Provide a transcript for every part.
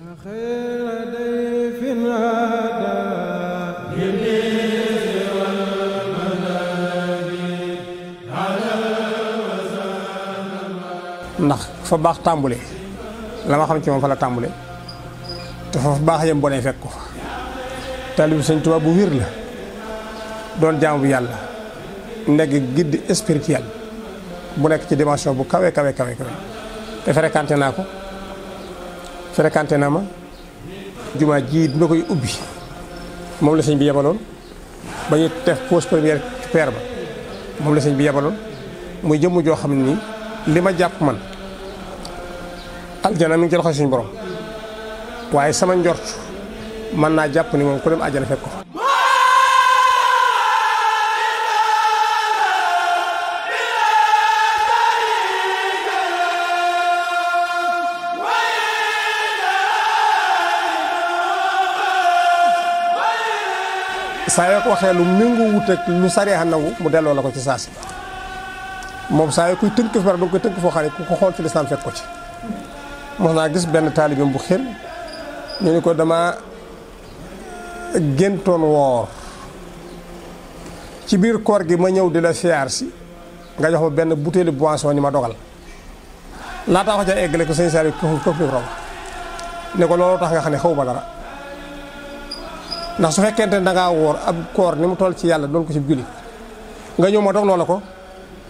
ndax fa baax tàmbule la ma xam ci moom fa la tàmbule te fa baax yem bonee fekk ko fa taalibu sëñ Tuubaa bu wér la doon jaamu bu yàlla nekk guide spirituel bu nekk ci dimension bu kawe kawe kawe kawe te fréquenté naa ko fréquenté naa ma jumaa ji bi koy ubbi moom la sëñ bi yabaloon ba ñu def pause première pierre ba moom la sëñ bi yabaloon muy jëmm joo xam ne nii li ma jàpp man aljana mi ngi ci loxo suñu borom waaye sama njort mën naa jàpp ni moom ku dem aljana fekk ko saa yoo ko waxee lu méngoo wut ak lu sariya nangu mu delloo la ko ci saasi moom saa yoo koy tënk fi mara danga koy tënk foo xam ne ko xool ci lislaam fekk ko ci naa gis benn taalibeem bu xel ñu ne ko dama géntoon woor ci biir koor gi ma ñëw di la siyaar nga jox ma benn butéeli boisson ni ma dogal laataa ko ca ko sëñ ko ko fi rom ko loolu tax nga xam ne xaw ma dara ndax su fekkee ne da ngaa wóor ab koor ni mu toll ci yàlla doon ko ci julli nga ñëw ma dog loola ko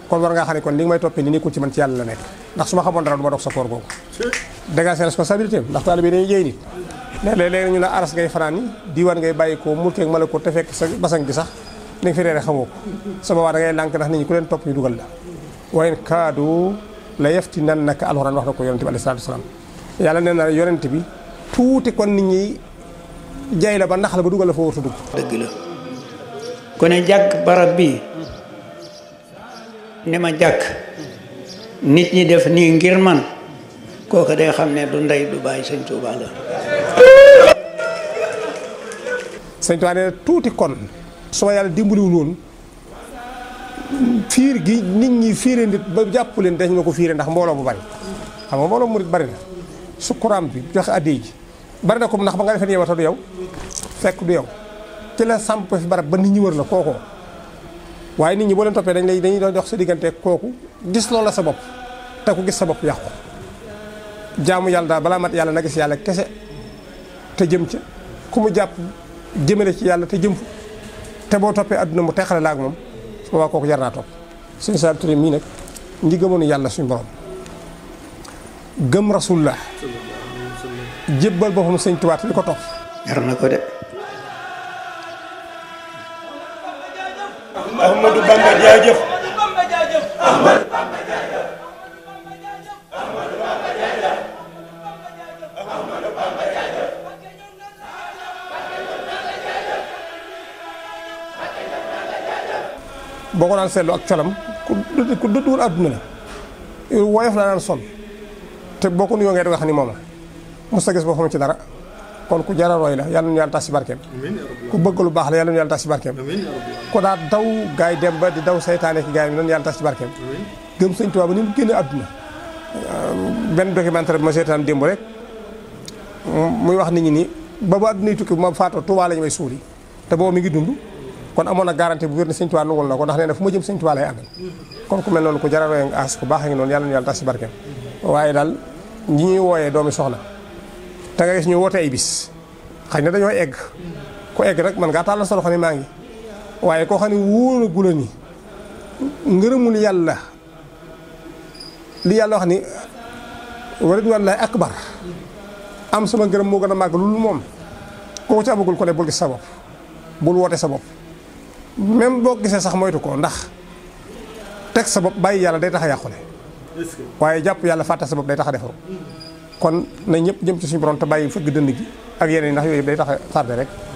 kon war ngaa xam ne kon li nga may toppee ni nekkul ci man ci yàlla la nekk ma xamoon dara du ma dog sa koor googu dégagé responsabilité ndax taalibe fanaan yi diiwaan ngay bàyyi ko mulkeeg mala ko te fekk sa basang gi sax li nga fi reere xamoo ndax nit ñi ku leen topp ñu la wayen kaadu la yafti nan naka alxuraan na ko yonente bi alayhi salaatu wasalaam yàlla nee na yonente bi tuuti kon nit ñi jay la ba nax la ba dugal la foo war a dugg. dëgg jàkk barab bi ni ma jàkk nit ñi def nii ngir man kooka day xam ne du ndey du bàyyi sëñ Tuubaa la. sëñ tuuti kon. su ma yàlla dimbaliwul woon fiir gi nit ñi fiire nit ba jàpp leen dañ ma ko fiire ndax mbooloo bu bari xam nga mbooloo murit bari na sukkuraam bi joxe addiya ji. bari na ko ndax ba nga defee yow du yow fekk du yow ci la samp fi barab ba nit ñi wër la kookoo waaye nit ñi boo leen toppee dañ lay dañuy doon dox sa diggante kooku gis loolu la sa bopp te ku gis sa bopp yàqu jaamu yàlla daal balaa mat yàlla na gis yàlla kese te jëm ca ku mu jàpp jëmale ci yàlla te jëm fa te boo toppee àdduna mu teexale laak moom su waa kooku jar naa topp suñu Saaliw Ture mii nag ñi gëmoon yàlla suñ borom gëm rasulullah jébbal boppam sëñ Tuubaa li ko topp. na ko de. Ahmadou Bamba jaajëf. Ahmadou Bamba jaajëf. ak ku la woyof laa daan sol te ngay wax ni musta gis boppam ci dara kon ku jara roy la yalla ñu yalla tassi barkem ya ku bëgg lu baax la yalla ñu yalla tassi barkem ya ku da daw gaay dem ba di daw setané ki gaay ñu yalla tassi barkem gëm señ tuba ni mu aduna ben documentaire ma setan dembu rek muy wax nit ñi ni ba ba aduna tukki ma faato tuba lañ may suuri te bo mi ngi dund kon amon garantie bu wërni señ tuba la ko ndax neena fu ma jëm señ tuba lay andal kon ku mel non ku jara roy ak as ku baax ngi non yalla ñu yalla tassi barkem waye dal ñi woyé doomi soxna da nga gis ñu woote bis na egg ko egg rek man nga tàllal solo loxo ne maa ngi waaye koo xam ne wóor ni ngërëmul yàlla li yàlla wax ni warit wàllaay akbar am sama ngërëm moo gën a màgg lu moom kooku ci amagul ko ne bul gis sa bopp bul wote sa bopp même boo gisee sax moytu ko ndax teg sa bopp bàyyi yàlla day tax a yàqule waaye jàpp yàlla fàtte sa bopp day tax a kon na ñëpp jëm ci suñu borom te bàyyi fëgg dënd gi ak yeneen yi ndax yooyu day tax a tardé rek